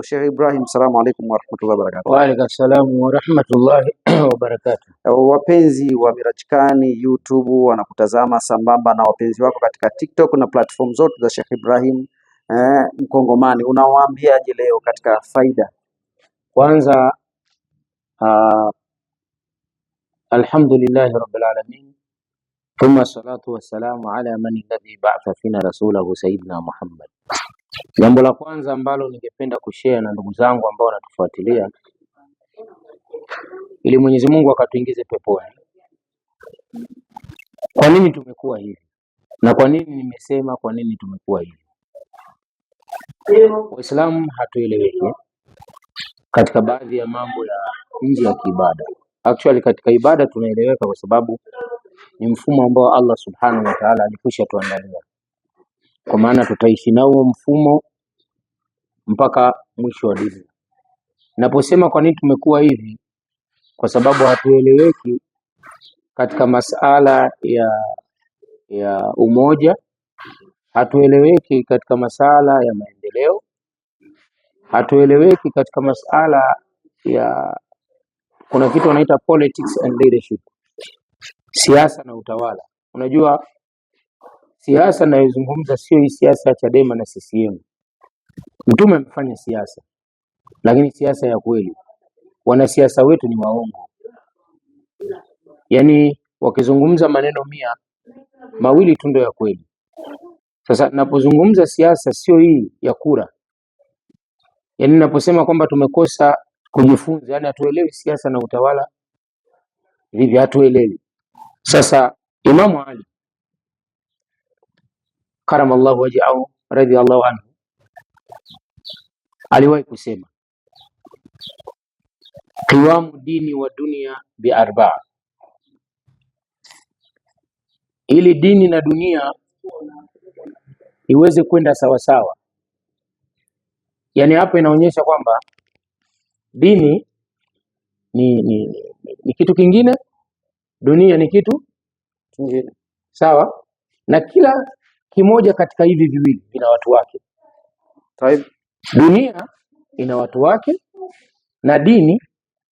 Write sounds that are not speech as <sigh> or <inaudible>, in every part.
Sheikh Ibrahim, salamu alaikum warahmatullahi wabarakatuh. Wa alaikum salamu warahmatullahi wabarakatuh. Wapenzi wa Mirajkani YouTube wanakutazama sambamba na wapenzi wako katika TikTok na platform zote za Sheikh Ibrahim eh, Mkongomani, unawaambiaje leo katika faida? Kwanza uh, alhamdulillahi rabbil alamin thumma salatu wassalamu ala man alladhi ba'atha fina rasulahu sayyidina Muhammad Jambo la kwanza ambalo ningependa kushare na ndugu zangu ambao wanatufuatilia ili Mwenyezi Mungu akatuingize peponi. Kwa nini tumekuwa hivi? Na kwa nini nimesema kwa nini tumekuwa hivi? Waislamu hatueleweki katika baadhi ya mambo ya nje ya kiibada. Actually katika ibada tunaeleweka kwa sababu ni mfumo ambao Allah Subhanahu wa Ta'ala alikwisha tuandalia kwa maana tutaishi nao huo mfumo mpaka mwisho wa dunia. Naposema kwa nini tumekuwa hivi, kwa sababu hatueleweki katika masala ya ya umoja, hatueleweki katika masala ya maendeleo, hatueleweki katika masala ya kuna kitu wanaita politics and leadership, siasa na utawala. Unajua Siasa nayozungumza sio hii siasa ya Chadema na CCM. Mtume amefanya siasa, lakini siasa ya kweli. Wanasiasa wetu ni waongo, yaani wakizungumza maneno mia mawili tu ndio ya kweli. Sasa napozungumza siasa sio hii ya kura, yaani naposema kwamba tumekosa kujifunza, yaani hatuelewi siasa na utawala vipi, hatuelewi. Sasa Imamu Ali karamallahu wajhahu radhiallahu anhu aliwahi kusema qiwamu dini wa dunia bi arbaa, ili dini na dunia iweze kwenda sawasawa. Yaani hapo inaonyesha kwamba dini ni, ni, ni, ni kitu kingine, dunia ni kitu kingine sawa, na kila kimoja katika hivi viwili vina watu wake. dunia ina watu wake na dini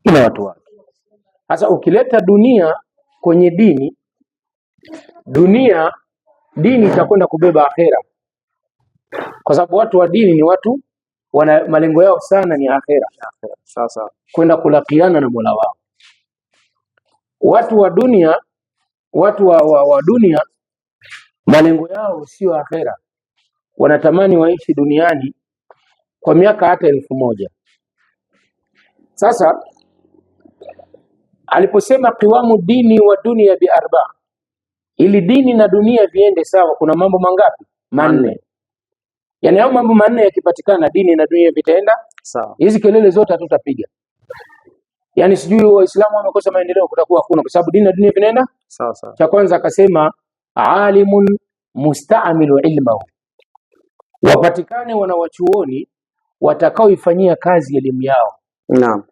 ina watu wake. Sasa ukileta dunia kwenye dini, dunia dini itakwenda kubeba akhera, kwa sababu watu wa dini ni watu wana malengo yao sana ni akhera, sasa kwenda kulakiana na Mola wao. Watu wa dunia, watu wa, wa, wa dunia Malengo yao sio akhera, wanatamani waishi duniani kwa miaka hata elfu moja. Sasa aliposema qiwamu dini wa dunia bi arba, ili dini na dunia viende sawa, kuna mambo mangapi? Manne. Yani hayo mambo manne yakipatikana, dini na dunia vitaenda sawa. Hizi kelele zote hatutapiga. Yani sijui waislamu wamekosa maendeleo, kutakuwa hakuna, kwa sababu dini na dunia vinaenda sawa sawa. Cha kwanza akasema alimun mustamilu ilmahu, wapatikane wanawachuoni watakaoifanyia kazi elimu yao. Naam.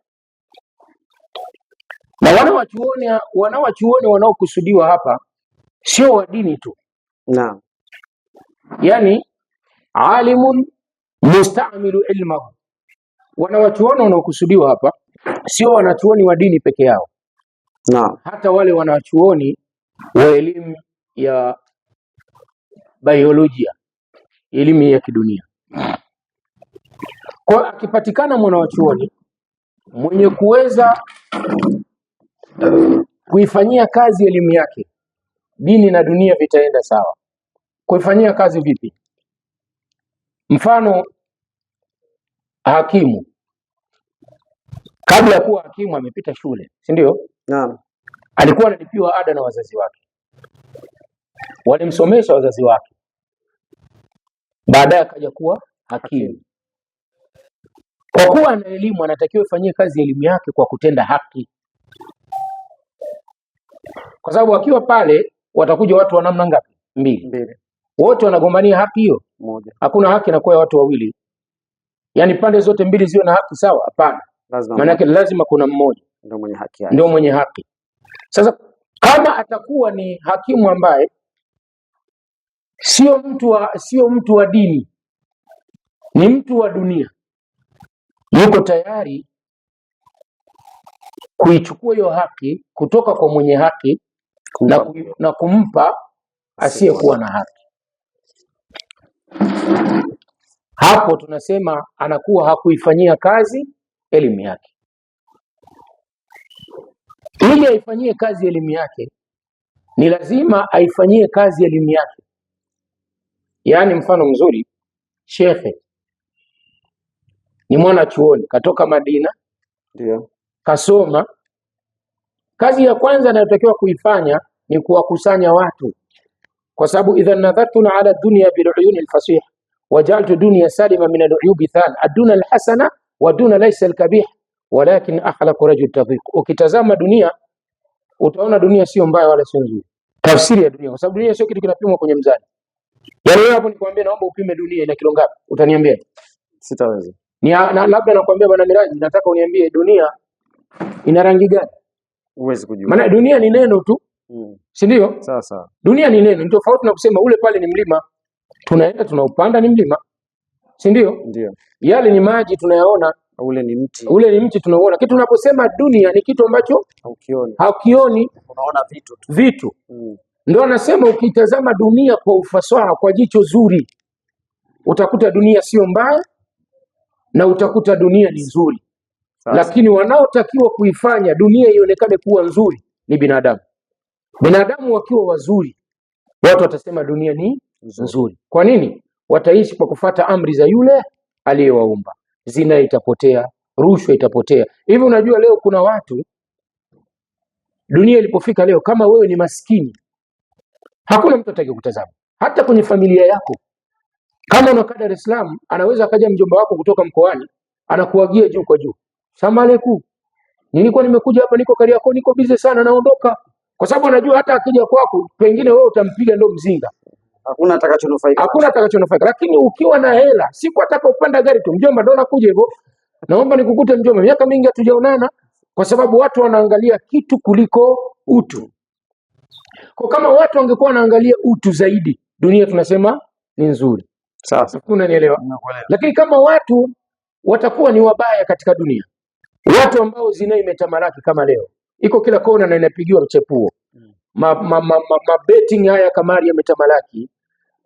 Na wanawachuoni wanawachuoni wanaokusudiwa hapa sio wa dini tu. Naam. Yani alimun mustamilu ilmahu, wanawachuoni wanaokusudiwa hapa sio wanachuoni wa dini peke yao. Naam. Hata wale wanawachuoni wa elimu ya biolojia, elimu ya kidunia. Kwa akipatikana mwanawachuoni mwenye kuweza kuifanyia kazi elimu yake, dini na dunia vitaenda sawa. Kuifanyia kazi vipi? Mfano, hakimu kabla ya kuwa hakimu amepita shule, si ndio? Naam, alikuwa analipiwa ada na wazazi wake walimsomesha wazazi wake, baadaye akaja kuwa hakimu. Kwa kuwa ana elimu, anatakiwa ifanyie kazi elimu yake kwa kutenda haki, kwa sababu akiwa pale watakuja watu wa namna ngapi? Mbili, wote wanagombania haki hiyo moja. Hakuna haki inakuwa ya watu wawili, yaani pande zote mbili ziwe na haki sawa? Hapana, maanake lazima kuna mmoja ndio mwenye haki, ndio mwenye haki. Sasa kama atakuwa ni hakimu ambaye sio mtu wa, sio mtu wa dini, ni mtu wa dunia, yuko tayari kuichukua hiyo haki kutoka kwa mwenye haki na, na kumpa asiyekuwa na haki. Hapo tunasema anakuwa hakuifanyia kazi elimu yake. Ili aifanyie kazi elimu yake, ni lazima aifanyie kazi elimu yake Yaani mfano mzuri, shekhe ni mwana chuoni katoka Madina, ndio kasoma. Kazi ya kwanza anayotakiwa kuifanya ni kuwakusanya watu, kwa sababu idha nadhartuna ala dunya bil uyuni alfasiha wajaltu dunya salima min aluyubi than aduna alhasana wa duna laysa alkabih walakin akhlaqu rajul tadhiq. Ukitazama dunia utaona dunia sio mbaya wala sio nzuri, tafsiri ya dunia, kwa sababu dunia sio kitu kinapimwa kwenye mzani Yaani wewe hapo nikwambie, naomba upime dunia ina kilo ngapi? Utaniambia? Sitaweza. Ni na, labda nakwambia bwana Miraji nataka uniambie dunia ina rangi gani? Uwezi kujua. Maana dunia ni neno tu. Mm. Si ndio? Sawa sawa. Dunia ni neno, ni tofauti na kusema ule pale ni mlima. Tunaenda tunaupanda ni mlima. Si ndio? Ndio. Yale ni maji tunayaona. Ule ni mti. Ule ni mti tunaoona. Kitu tunaposema dunia ni kitu ambacho haukioni. Haukioni. Unaona vitu tu. Vitu. Mm. Ndo anasema ukitazama dunia kwa ufasaha, kwa jicho zuri, utakuta dunia sio mbaya na utakuta dunia ni nzuri, lakini wanaotakiwa kuifanya dunia ionekane kuwa nzuri ni binadamu. Binadamu wakiwa wazuri, watu watasema dunia ni nzuri. Kwa nini? Wataishi kwa kufata amri za yule aliyewaumba. Zina itapotea, rushwa itapotea. Hivi unajua leo kuna watu dunia ilipofika leo, kama wewe ni maskini Hakuna mtu atakaye kutazama, hata kwenye familia yako. Kama unakaa Dar es Salaam, anaweza akaja mjomba wako kutoka mkoani, anakuagia juu kwa juu, salamu aleikum, nilikuwa nimekuja hapa, niko Kariakoo, niko bize sana, naondoka, kwa sababu anajua hata akija kwako, pengine wewe utampiga ndo mzinga, hakuna atakachonufaika, hakuna atakachonufaika. Lakini ukiwa na hela, siku ataka upanda gari tu, mjomba, ndo nakuja hivyo, naomba nikukute mjomba, miaka mingi hatujaonana, kwa sababu watu wanaangalia kitu kuliko utu. Kwa kama watu wangekuwa wanaangalia utu zaidi, dunia tunasema ni nzuri. Sasa unanielewa, lakini kama watu watakuwa ni wabaya katika dunia, watu ambao zina imetamalaki kama leo iko kila kona na inapigiwa mchepuo hmm. ma, ma, ma, ma, ma betting haya kamari yametamalaki.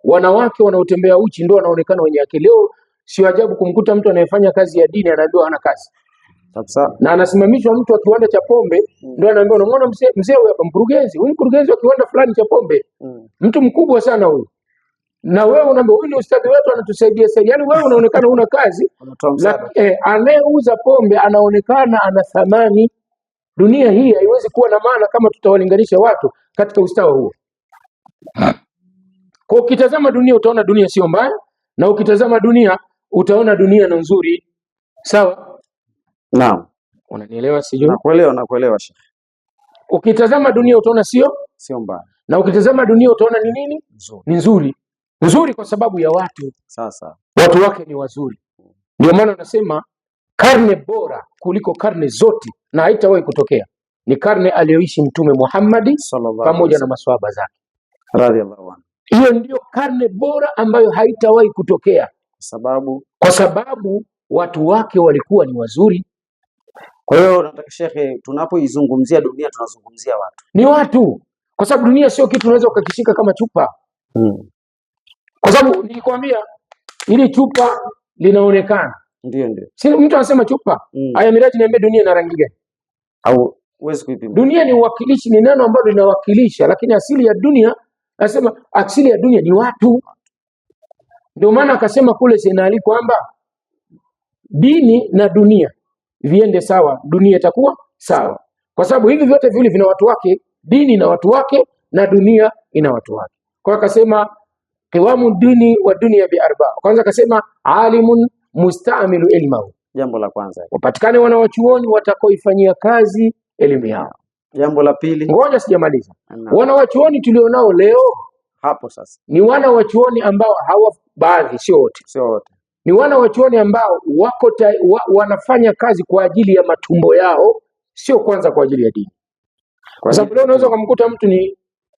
Wanawake wanaotembea uchi ndio wanaonekana wenye akili. Leo sio ajabu kumkuta mtu anayefanya kazi ya dini anaambiwa hana kazi. Sasa na anasimamishwa mtu wa kiwanda cha pombe mm. Ndio anaambia unamwona mzee mzee huyu hapa mkurugenzi, huyu mkurugenzi wa kiwanda fulani cha pombe mm. Mtu mkubwa sana huyu, na wewe unaambia huyu ni ustadi wetu anatusaidia sana. yani wewe unaonekana una kazi la, eh, anayeuza pombe anaonekana ana thamani. Dunia hii haiwezi kuwa na maana kama tutawalinganisha watu katika ustawa huo. Kwa ukitazama dunia utaona dunia sio mbaya, na ukitazama dunia utaona dunia ni nzuri, sawa so, Naam. Unanielewa sijui? Nakuelewa, nakuelewa Sheikh. Ukitazama dunia utaona sio sio mbaya, na ukitazama dunia utaona ni nini, ni nzuri nzuri, kwa sababu ya watu. Sasa watu wake ni wazuri, ndio maana unasema karne bora kuliko karne zote, na haitawahi kutokea ni karne aliyoishi Mtume Muhammad pamoja na maswahaba zake radhiallahu anhu. Hiyo ndio karne bora ambayo haitawahi kutokea, sababu kwa sababu watu wake walikuwa ni wazuri kwa hiyo nataka shekhe, tunapoizungumzia dunia tunazungumzia watu, ni watu, kwa sababu dunia sio kitu unaweza ukakishika kama chupa hmm. Kwa sababu nilikwambia ili chupa linaonekana, ndio ndio, si mtu anasema chupa hmm. Aya Miraji, niambie dunia ina rangi gani? Au huwezi kuipima. Dunia ni uwakilishi, ni neno ambalo linawakilisha, lakini asili ya dunia anasema asili ya dunia ni watu. Ndio maana akasema kule Senali kwamba dini na dunia viende sawa, dunia itakuwa sawa, kwa sababu hivi vyote viwili vina watu wake, dini na watu wake na dunia ina watu wake. Kwa akasema qiwamu dini wa dunia arba, Kwanza akasema alimun mustamilu ilmahu, jambo la kwanza wapatikane wanawachuoni watakaoifanyia kazi elimu yao. Jambo la pili, ngoja sijamaliza. Wanawachuoni tulionao leo hapo sasa ni wana wachuoni ambao hawa, baadhi sio wote, sio wote ni wana wa chuoni ambao wako ta, wa, wanafanya kazi kwa ajili ya matumbo yao, sio kwanza kwa ajili ya dini, kwa sababu leo unaweza kumkuta mtu ni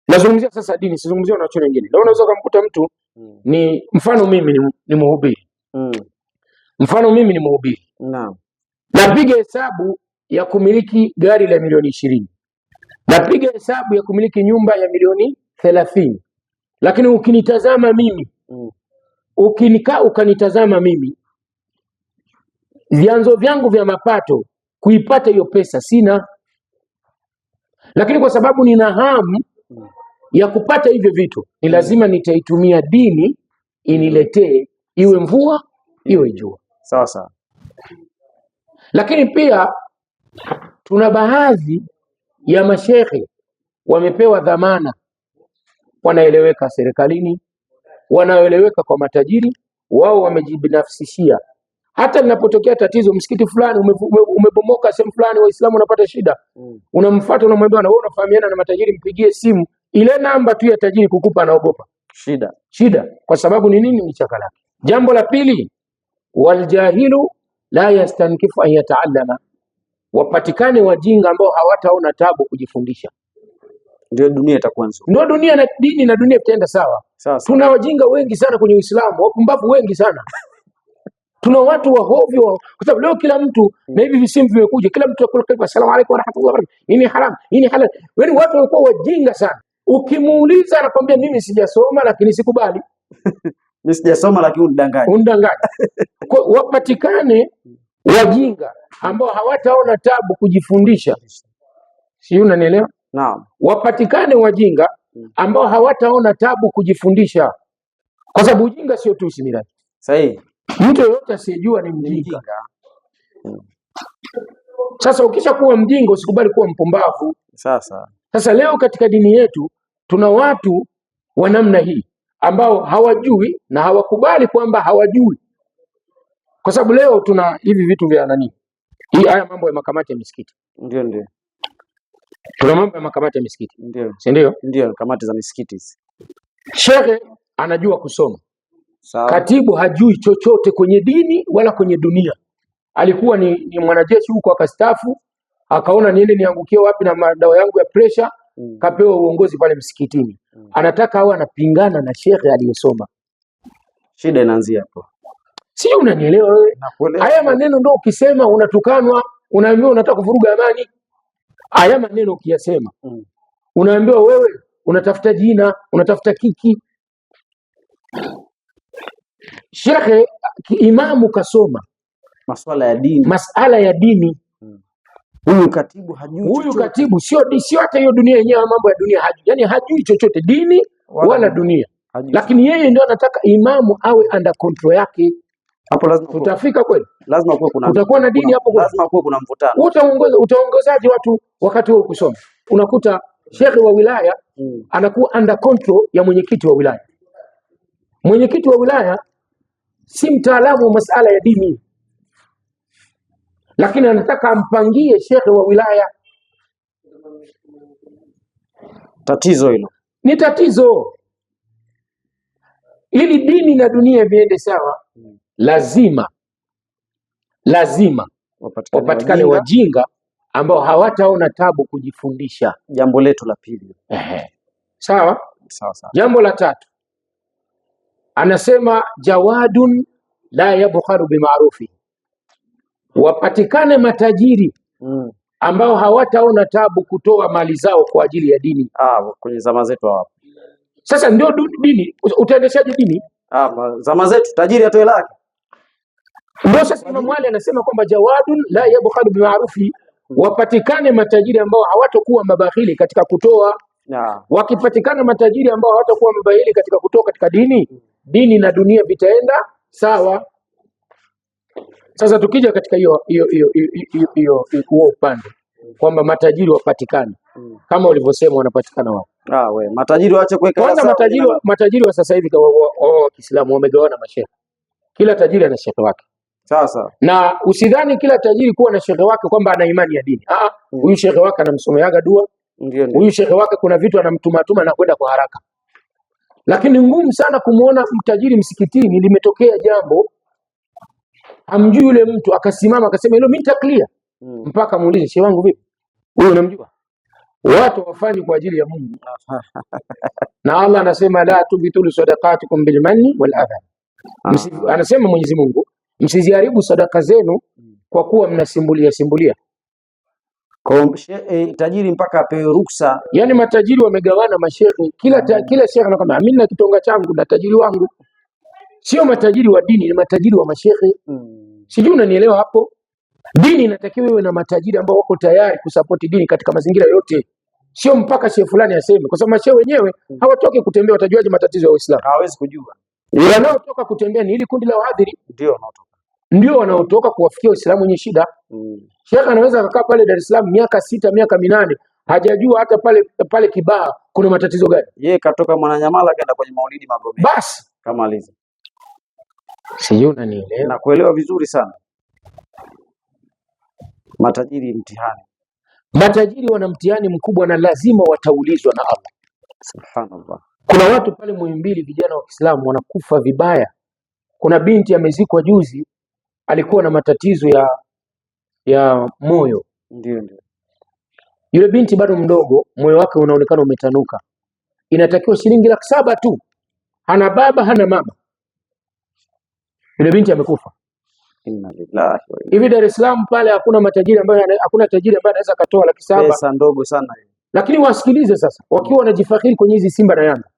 nazungumzia sasa dini, sizungumzia wanachuoni wengine. Leo unaweza kumkuta mtu mm. ni mfano mimi ni, ni mhubiri mm. mfano mimi ni mhubiri naam, napiga hesabu ya kumiliki gari la milioni ishirini, napiga hesabu ya kumiliki nyumba ya milioni thelathini, lakini ukinitazama mimi mm ukinika ukanitazama mimi, vyanzo vyangu vya mapato kuipata hiyo pesa sina, lakini kwa sababu nina hamu ya kupata hivyo vitu, ni lazima nitaitumia dini iniletee, iwe mvua iwe jua. Sawa sawa. Lakini pia tuna baadhi ya mashehe wamepewa dhamana, wanaeleweka serikalini, wanaoeleweka kwa matajiri, wao wamejibinafsishia. Hata linapotokea tatizo, msikiti fulani umebomoka sehemu fulani, Waislamu wanapata shida, mm. unamfuata unamwambia, na wewe unafahamiana na matajiri, mpigie simu. Ile namba tu ya tajiri kukupa, anaogopa shida shida. Kwa sababu ni nini? Ni chaka Jambo la pili, waljahilu la yastankifu an yataallama, wapatikane wajinga ambao hawataona tabu kujifundisha, ndio dunia itakuwa nzuri, ndio dunia na dini na dunia itaenda sawa. Sasa tuna wajinga wengi sana kwenye Uislamu, wapumbavu wengi sana <laughs> tuna watu wa wahovyo, kwa sababu leo kila mtu na hivi visimu vimekuja, kila mtu akula kwa salamu alaykum wa rahmatullahi wa barakatuh, nini haram nini halal. Yaani watu walikuwa wajinga sana, ukimuuliza anakwambia mimi sijasoma, lakini sikubali <laughs> mimi sijasoma, lakini unidanganya unidanganya. <laughs> Kwa wapatikane wajinga ambao hawataona tabu kujifundisha, si unanielewa? Naam, wapatikane wajinga Mm. ambao hawataona tabu kujifundisha, kwa sababu ujinga sio tu Isimila. Sahihi, mtu yoyote asiyejua ni mjinga. Mm. Sasa ukisha kuwa mjinga usikubali kuwa mpumbavu. Sasa sasa leo katika dini yetu tuna watu wa namna hii ambao hawajui na hawakubali kwamba hawajui, kwa sababu leo tuna hivi vitu vya nani, hii haya mambo ya makamati ya misikiti, ndio ndio kuna mambo ya makamati ya misikiti, si ndio? Ndio, kamati za misikiti. Shehe anajua kusoma Sawa. Katibu hajui chochote kwenye dini wala kwenye dunia. Alikuwa ni, ni mwanajeshi huko akastafu, akaona niende niangukie wapi na madawa yangu ya presha mm. Kapewa uongozi pale msikitini mm. Anataka awe anapingana na shehe aliyesoma. Shida inaanzia hapo, sio? Unanielewa wewe? Haya maneno ndio ukisema unatukanwa, unaambiwa unataka kuvuruga amani haya maneno ukiyasema, mm. unaambiwa wewe unatafuta jina, unatafuta kiki. Shekhe imamu kasoma masala ya dini, masala ya dini mm. huyu katibu hajui huyu katibu sio sio hata hiyo dunia yenyewe, mambo ya dunia hajui, yani hajui chochote dini wala, wala dunia hajui. Lakini yeye ndio anataka imamu awe under control yake hapo lazima utafika kweli, lazima kuwe kuna utakuwa na dini hapo, lazima kuwe kuna mvutano. Utaongoza utaongozaje watu wakati huo kusoma? Unakuta shekhe wa wilaya mm. anakuwa under control ya mwenyekiti wa wilaya. Mwenyekiti wa wilaya si mtaalamu wa masala ya dini, lakini anataka ampangie shekhe wa wilaya. Tatizo hilo ni tatizo, ili dini na dunia viende sawa lazima lazima wapatikane, wapatikane wajinga, ambao hawataona tabu kujifundisha. Jambo letu la pili. Ehe. Sawa? Sawa sawa. Jambo la tatu anasema jawadun la yabkharu bimaarufi, wapatikane matajiri mm. ambao hawataona tabu kutoa mali zao kwa ajili ya dini. Ah, kwenye zama zetu hapo. Sasa ndio dini, utaendeshaje dini? Ah, zama zetu tajiri atoe lake ndio sasa Imam Ali anasema kwamba jawadun la yabkhalu bimarufi, wapatikane matajiri ambao hawatakuwa mabakhili katika kutoa nah. Wakipatikana matajiri ambao hawatakuwa mabakhili katika kutoa katika dini dini na dunia vitaenda sawa. Sasa tukija katika hiyo hiyo hiyo huo upande kwamba matajiri wapatikane mm. kama ulivyosema wanapatikana wao. Ah, we, matajiri waache kuweka kwanza matajiri, matajiri wa sasa hivi wa Kiislamu wamegawana mashehe, kila tajiri ana shehe wake sasa na usidhani kila tajiri kuwa na shehe wake kwamba ana imani ya dini. Ah, mm. huyu shehe wake anamsomeaga dua, Ndio. huyu shehe wake kuna vitu anamtumatuma na kwenda kwa haraka, lakini ngumu sana kumuona mtajiri msikitini. Limetokea jambo amjui yule mtu, akasimama akasema hilo mimi Hmm. mpaka muulize shehe wangu, vipi huyu unamjua? Watu wafanyi kwa ajili ya Mungu <laughs> na Allah anasema la tubitulu sadaqatikum bilmanni waladha, ah. anasema Mwenyezi Mungu msiziharibu sadaka zenu kwa kuwa mnasimbulia simbulia. Kwa shehe eh, tajiri mpaka apewe ruksa. Yani matajiri wamegawana mashehe, kila ta, mm. kila shehe anakwambia mimi na kitonga changu na tajiri wangu. Sio matajiri wa dini, ni matajiri wa mashehe. Hmm. Sijui unanielewa hapo? Dini inatakiwa iwe na matajiri ambao wako tayari kusapoti dini katika mazingira yote. Sio mpaka shehe fulani aseme, kwa sababu mashehe wenyewe hmm, hawatoki kutembea, watajuaje matatizo ya Uislamu? Hawezi kujua. Wanaotoka kutembea ni ili kundi la wahadhiri ndio ndio wanaotoka kuwafikia Uislamu wenye shida. Mm. Shekhe anaweza akakaa pale Dar es Salaam miaka sita miaka minane hajajua hata pale pale Kibaha kuna matatizo gani. Yeye katoka Mwananyamala akaenda kwenye Maulidi Magomeni. Basi kama alizo. Sijui unanielewa. Nakuelewa vizuri sana. Matajiri mtihani. Matajiri wana mtihani mkubwa na lazima wataulizwa na Allah. Subhanallah. Kuna watu pale Muhimbili vijana wa Kiislamu wanakufa vibaya. Kuna binti amezikwa juzi alikuwa na matatizo ya ya moyo. Ndio, ndio. Yule binti bado mdogo, moyo wake unaonekana umetanuka, inatakiwa shilingi laki saba tu, hana baba hana mama, yule binti amekufa. Inna lillahi wa inna. Hivi Dar es Salaam pale hakuna matajiri ambaye hakuna tajiri ambaye anaweza akatoa laki saba, pesa ndogo sana, lakini wasikilize sasa, wakiwa wanajifakhiri kwenye hizi Simba na Yanga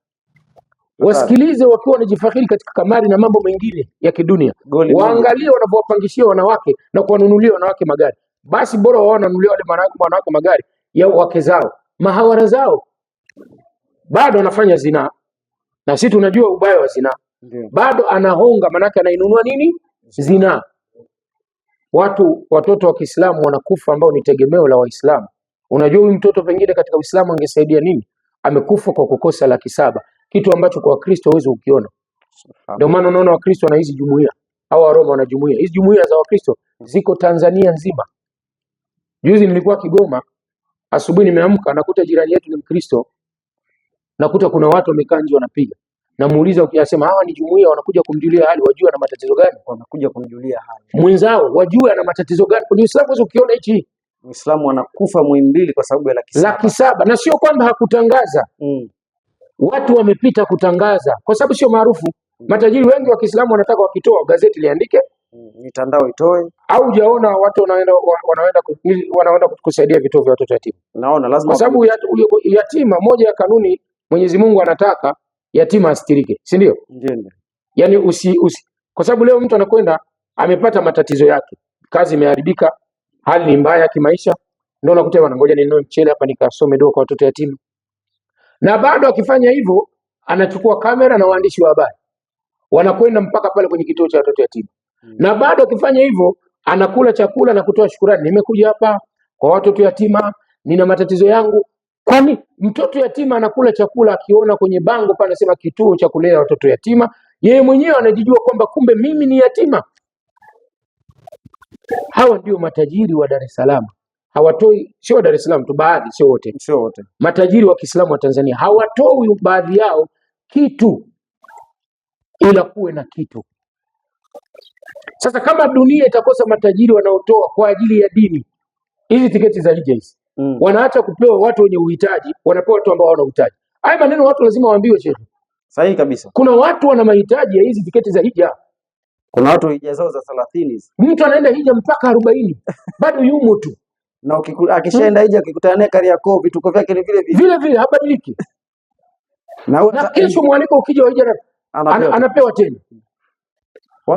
wasikilize wakiwa wanajifakhiri katika kamari na mambo mengine ya kidunia, waangalie wanavyowapangishia wanawake na kuwanunulia wanawake magari. Basi bora wao wananunulia wale wanawake magari ya wake zao, mahawara zao bado anafanya zinaa, na sisi tunajua ubaya wa zinaa, bado anahonga, maanake anainunua nini? Zinaa. Watu watoto wa Kiislamu wanakufa ambao ni tegemeo la Waislamu. Unajua huyu mtoto pengine katika Uislamu angesaidia nini? Amekufa kwa kukosa laki saba kitu ambacho kwa Wakristo huwezi ukiona. Ndio maana unaona Wakristo na hizi jumuiya au Waroma wana jumuiya, hizi jumuiya za Wakristo ziko Tanzania nzima. Juzi nilikuwa Kigoma, asubuhi nimeamka nakuta jirani yetu ni Mkristo, nakuta kuna watu wamekaa nje wanapiga namuuliza ukiyasema, hawa ni jumuiya, wanakuja kumjulia hali, wajua na matatizo gani, wanakuja kumjulia hali mwenzao, wajua na matatizo gani. Kwenye Uislamu wewe ukiona hichi, Uislamu anakufa mwimbili kwa sababu ya laki saba, laki saba, na sio kwamba hakutangaza mm watu wamepita kutangaza, kwa sababu sio maarufu. Matajiri wengi wa Kiislamu wanataka wakitoa gazeti liandike, mitandao itoe. Au ujaona watu wanaenda wanaenda wanaenda kusaidia vituo vya watoto yatima, naona lazima, kwa sababu yatima, moja ya kanuni Mwenyezi Mungu anataka yatima asitirike, si ndio? Yani usi, usi, kwa sababu leo mtu anakwenda amepata matatizo yake, kazi imeharibika, hali ni mbaya kimaisha, ndio unakuta wanangoja ninunue mchele hapa nikasome dua kwa watoto yatima na bado akifanya hivyo anachukua kamera na waandishi wa habari wanakwenda mpaka pale kwenye kituo cha watoto yatima mm. na bado akifanya hivyo anakula chakula na kutoa shukurani, nimekuja hapa kwa watoto yatima, nina matatizo yangu. Kwani mtoto yatima anakula chakula akiona kwenye bango pale anasema kituo cha kulea watoto yatima, yeye mwenyewe anajijua kwamba kumbe mimi ni yatima. Hawa ndio matajiri wa Dar es Salaam hawatoi, sio Dar es Salaam tu, baadhi, sio wote, sio wote, matajiri wa Kiislamu wa Tanzania hawatoi baadhi yao kitu, ila kuwe na kitu. Sasa kama dunia itakosa matajiri wanaotoa kwa ajili ya dini, hizi tiketi za nje hizi mm. wanaacha kupewa watu wenye uhitaji, wanapewa watu ambao hawana uhitaji. Haya maneno watu lazima waambiwe, Sheikh. Sahihi kabisa. Kuna watu wana mahitaji ya hizi tiketi za hija. Kuna watu hija zao za 30 Mtu anaenda hija mpaka arobaini <laughs> bado yumo tu na akishaenda hmm. nje akikutana naye Kariakoo vituko vyake ni vile vile vile vile, habadiliki na, kesho mwaliko ukija wa anapewa, anapewa tena.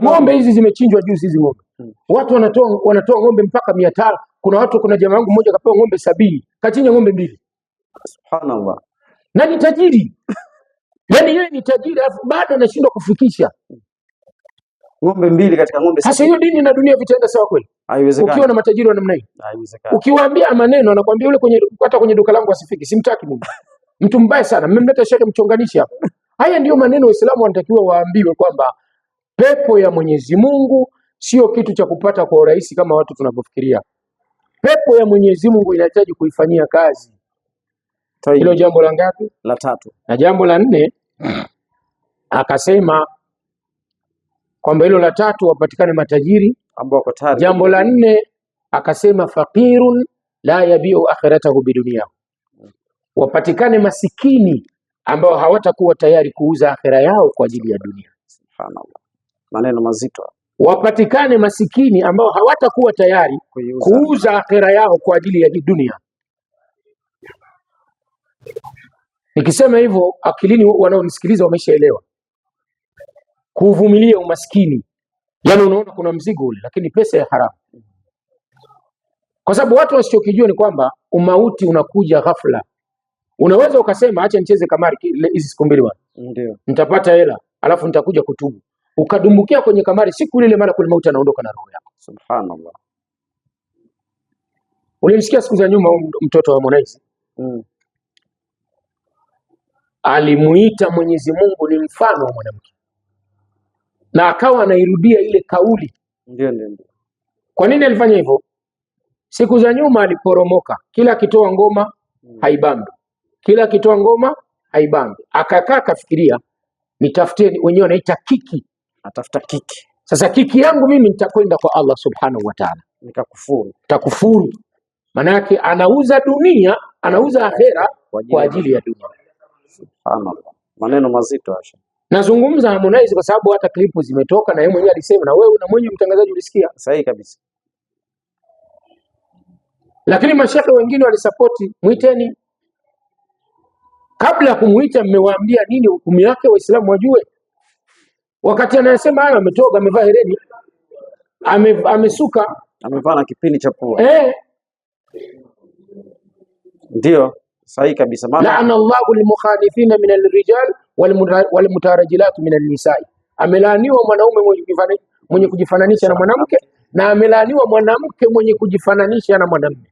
Ng'ombe hizi zimechinjwa juzi hizi ng'ombe hmm. Watu wanatoa wanatoa ng'ombe mpaka mia tano. Kuna watu, kuna jamaa wangu mmoja kapewa ng'ombe sabini, kachinja ng'ombe mbili. Subhanallah, na ni tajiri <laughs> yani yeye ni tajiri, alafu bado anashindwa kufikisha hmm ng'ombe mbili katika ng'ombe sasa. Hiyo dini na dunia vitaenda sawa kweli? Haiwezekani. Ukiwa na matajiri wa namna hii haiwezekani. Ukiwaambia maneno anakuambia yule kwenye hata kwenye duka langu asifiki, simtaki mimi, <laughs> mtu mbaya sana, mmemleta shari, mchonganishi hapa. Haya ndiyo maneno Waislamu wanatakiwa waambiwe kwamba pepo ya Mwenyezi Mungu sio kitu cha kupata kwa urahisi kama watu tunavyofikiria. Pepo ya Mwenyezi Mungu inahitaji kuifanyia kazi. Hilo jambo la ngapi? La tatu. Na jambo la nne akasema kwamba hilo la tatu wapatikane matajiri ambao wako tayari. Jambo la nne akasema faqirun la yabiu akhiratahu bidunia, wapatikane masikini ambao hawatakuwa tayari kuuza akhira yao kwa ajili ya dunia. Subhanallah, maneno mazito. Wapatikane masikini ambao hawatakuwa tayari kuuza akhira yao kwa ajili ya dunia. Nikisema hivyo, akilini wanaonisikiliza wameshaelewa kuvumilia umaskini. Yani unaona kuna mzigo ule, lakini pesa ya haramu, kwa sababu watu wasichokijua ni kwamba umauti unakuja ghafla. Unaweza ukasema acha nicheze kamari hizi siku mbili bwana, ndio nitapata hela, alafu nitakuja kutubu, ukadumbukia kwenye kamari siku ile, mara kule mauti anaondoka na roho yako. Subhanallah. Ulimsikia siku za nyuma mtoto wa Harmonize mm. alimuita Mwenyezi Mungu ni mfano wa mwanamke na akawa anairudia ile kauli. Ndio, ndio, ndio. Kwa nini alifanya hivyo? Siku za nyuma aliporomoka, kila akitoa ngoma mm. haibambi, kila akitoa ngoma haibambi. Akakaa akafikiria, nitafutie, wenyewe wanaita kiki, atafuta kiki. Sasa kiki yangu mimi nitakwenda kwa Allah subhanahu wa ta'ala, nitakufuru, nitakufuru. Maana yake anauza dunia, anauza akhera kwa ajili ya dunia. Subhanallah, maneno mazito. Nazungumza Harmonize kwa sababu hata klipu zimetoka na yeye mwenyewe alisema, na wewe na mwenyewe mtangazaji ulisikia. Sahihi kabisa, lakini mashehe wengine walisapoti, mwiteni. Kabla ya kumuita, mmewaambia nini hukumu yake, waislamu wajue. Wakati anayesema hayo ametoga, amevaa hereni, ame, amesuka, amevaa na kipindi cha pua eh, ndio sahihi kabisa. Maana laana Allahu al-mukhalifina min alrijal walmutarajilatu min nisai, amelaaniwa mwanaume mwenye kujifananisha na mwanamke na amelaaniwa mwanamke mwenye kujifananisha na mwanamume.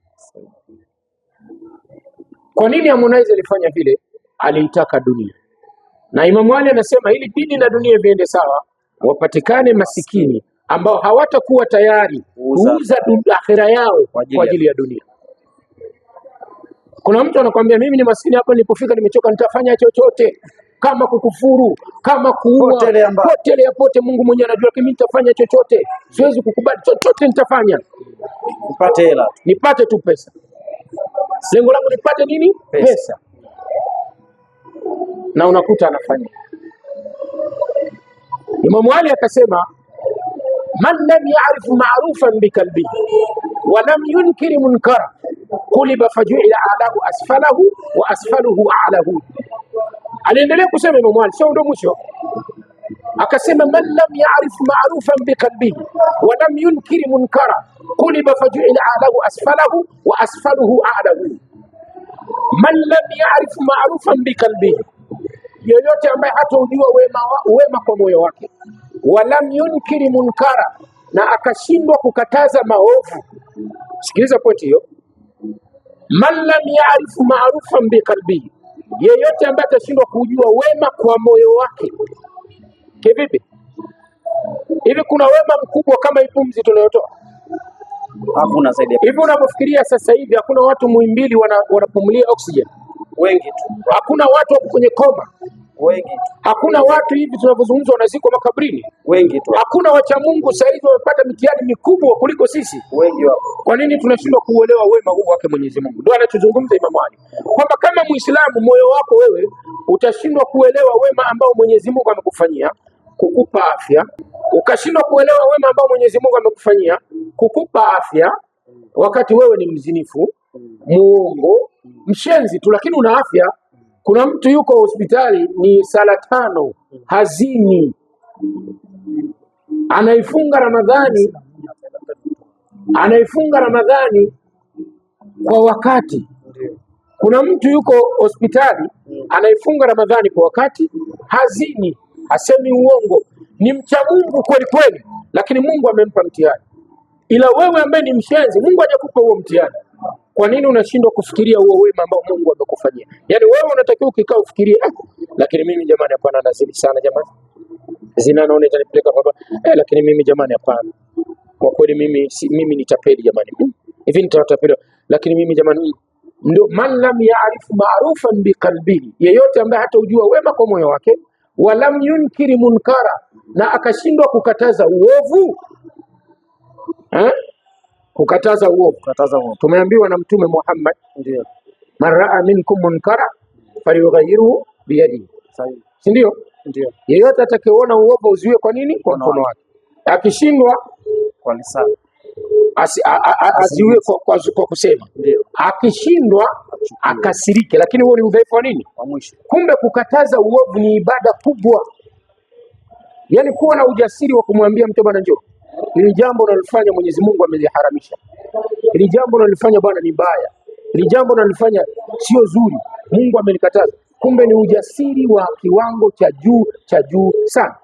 Kwa nini Harmonize alifanya vile? Aliitaka dunia, na Imamu Ali anasema ili dini na dunia viende sawa, wapatikane masikini ambao hawatakuwa tayari kuuza akhira yao kwa ajili ya dunia. Kuna mtu anakuambia mimi ni maskini, hapa nilipofika nimechoka, nitafanya chochote kama kukufuru, kama kuua, potelea pote. Mungu mwenyewe anajua, lakini mimi nitafanya chochote, siwezi kukubali chochote, nitafanya nipate hela, nipate tu pesa, lengo langu nipate nini? Pesa, pesa. Na unakuta anafanya. Imamu Ali akasema, man lam ya'rifu ma'rufan bikalbihi wa lam yunkiri munkara kuliba fajuila alahu asfalahu wa asfaluhu alahu Aliendelea kusema Imam Ali, sio ndo mwisho, akasema man lam yaarifu maarufan biqalbihi wa lam yunkiri munkara kuliba fajuila alahu asfalahu wa asfaluhu alahu, man lam yaarifu maarufan biqalbihi, yoyote ambaye hataujua wema, wema kwa moyo wake, wa lam yunkiri munkara, na akashindwa kukataza maovu. Sikiliza pointi hiyo, man lam yaarifu maarufan biqalbihi Yeyote ambaye atashindwa kujua wema kwa moyo wake kivipi? Hivi kuna wema mkubwa kama hii pumzi tunayotoa? Hakuna zaidi. Hivi unavyofikiria sasa hivi, hakuna watu Muhimbili wanapumulia wana wengi tu. Hakuna watu wako kwenye koma wengi tu. Hakuna watu hivi tunavyozungumza wanazikwa makabrini wengi tu. Hakuna wacha Mungu sasa hivi wamepata mitihani mikubwa kuliko sisi wengi wao Kwa nini tunashindwa kuuelewa wema huu wake Mwenyezi Mungu? Ndio anachozungumza Imam Ali kwamba kama Muislamu moyo wako wewe utashindwa kuelewa wema ambao Mwenyezi Mungu amekufanyia kukupa afya, ukashindwa kuelewa wema ambao Mwenyezi Mungu amekufanyia kukupa afya wakati wewe ni mzinifu muongo, mshenzi tu, lakini una afya. Kuna mtu yuko hospitali ni sala tano hazini, anaifunga Ramadhani, anaifunga Ramadhani kwa wakati. Kuna mtu yuko hospitali anaifunga Ramadhani kwa wakati, hazini, hasemi uongo, ni mcha Mungu kweli kweli, lakini Mungu amempa mtihani. Ila wewe ambaye ni mshenzi, Mungu hajakupa huo mtihani. Kwa nini unashindwa kufikiria huo wema ambao Mungu amekufanyia? Yaani wewe unatakiwa ukikaa ufikirie ah, lakini mimi jamani, hapana, nazidi sana jamani, zina naona itanipeleka baba eh, lakini mimi jamani, hapana, kwa kweli mimi si, mimi nitapeli jamani, hmm, hivi nitatapeli, lakini mimi jamani, hmm, ndio man lam yaarifu maarufan biqalbihi, yeyote ambaye hata ujua wema kwa moyo wake, walam yunkiri munkara, na akashindwa kukataza uovu ha? Eh, kukataza uovu. Kukataza uovu tumeambiwa na Mtume Muhammad, ndio man raa minkum munkara falyughayyiru biyadihi, si ndio? Ndio, yeyote atakayeona uovu uziwe kwa nini? Kwa mkono wake. Akishindwa kwa lisani aziwe kwa, kwa, kwa kusema. Akishindwa akasirike, lakini huo ni udhaifu wa nini? Kumbe kukataza uovu ni ibada kubwa, yaani kuwa na ujasiri wa kumwambia mtu bwana, njoo Hili jambo unalifanya Mwenyezi Mungu ameliharamisha. ni jambo unalofanya bwana ni mbaya, ni jambo unalofanya sio zuri, Mungu amelikataza. Kumbe ni ujasiri wa kiwango cha juu cha juu sana.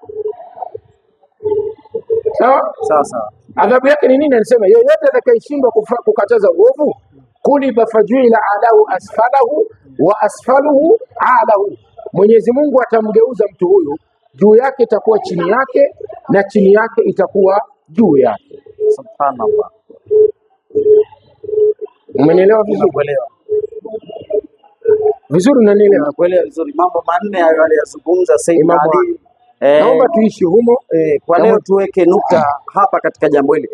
Sawa sawa sawa. Adhabu yake ni nini? Anasema yeyote atakayeshindwa kukataza uovu, bafajui fajuila alahu asfalahu wa asfaluhu alahu, Mwenyezi Mungu atamgeuza mtu huyu, juu yake itakuwa chini yake na chini yake itakuwa juu yake. Subhanallah, umenielewa vizuri? Kuelewa vizuri na nini, nakuelewa vizuri. Mambo manne hayo aliyazungumza Sayyid Ali, eh, naomba tuishi humo. Eh, kwa leo tuweke nukta hapa katika jambo hili.